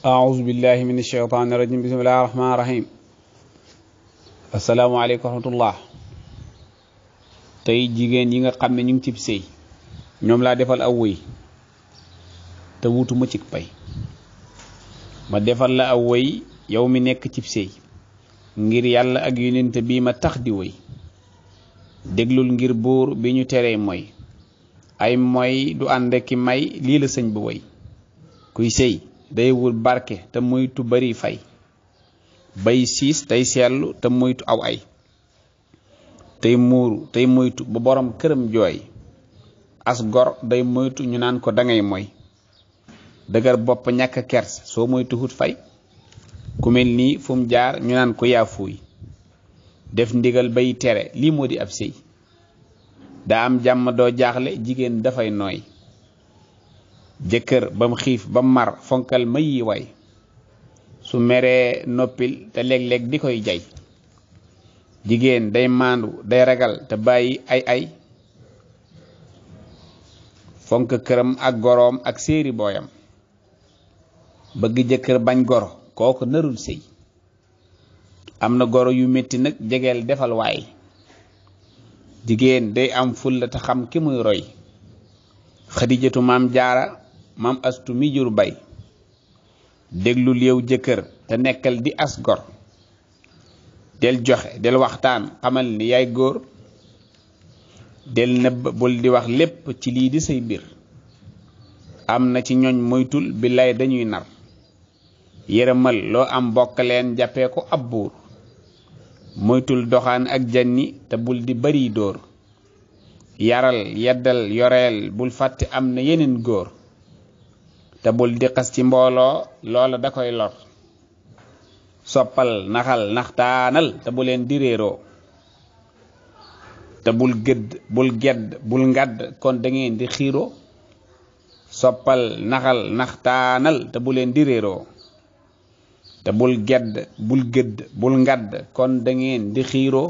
أعوذ بالله من الشيطان الرجيم بسم الله الرحمن الرحيم السلام tey jigéen yi nga xam ne ñu ngi cib sëy ñoom laa defal aw wëy te wutuma cig pay ma defal la aw wëy yow mi nekk cib sëy ngir yàlla ak yonent bii ma tax di wëy déglul ngir buur bi ñu teree mooy ay mooy du ànd ki may lii la sëñ ba wëy kuy sëy day barke te moytu bari fay bay siis tey seetlu te moytu aw ay tey muuru tey moytu ba borom këram jooy as gor day moytu ñu naan ko dangay moy dëgër bopp ñàkk kers soo moytu hut fay ku nii fu jaar ñu naan ko yaafuuy def ndigal bay tere lii moo di ab sëy daa am jàmm doo jaaxle jigéen dafay nooy jëkkër ba xiif ba mu mar fonkal may way su meree noppil te léeg-léeg di koy jay jigéen day maandu day ragal te bàyyi ay ay fonk këram ak goroom ak séeri booyam bëgg jëkkër bañ goro kooku narul sëy am na goro yu metti nag jegeel defal waay jigéen day am fulla te xam ki muy roy xadijatu maam jaara maam astu mi jur bay déglul yow jëkkër te nekkal di as gor del joxe del waxtaan xamal ni yaay góor del nëbb bul di wax lépp ci lii di say biir am na ci ñoñ moytul billaay dañuy nar yërëmal loo am bokk leen jàppee ko ab buur moytul doxaan ak janni te bul di bari dóor yaral yeddal yoreel bul fàtte am na yeneen góor te bul di xas ci mbooloo loola da koy lor sopal naxal naxtaanal te bu leen di réeroo te bul gëdd bul gedd bul ngàdd kon da di xiiroo soppal naxal naxtaanal te bu leen di réeroo te bul gedd bul gëdd bul ngàdd kon dangeen di xiiroo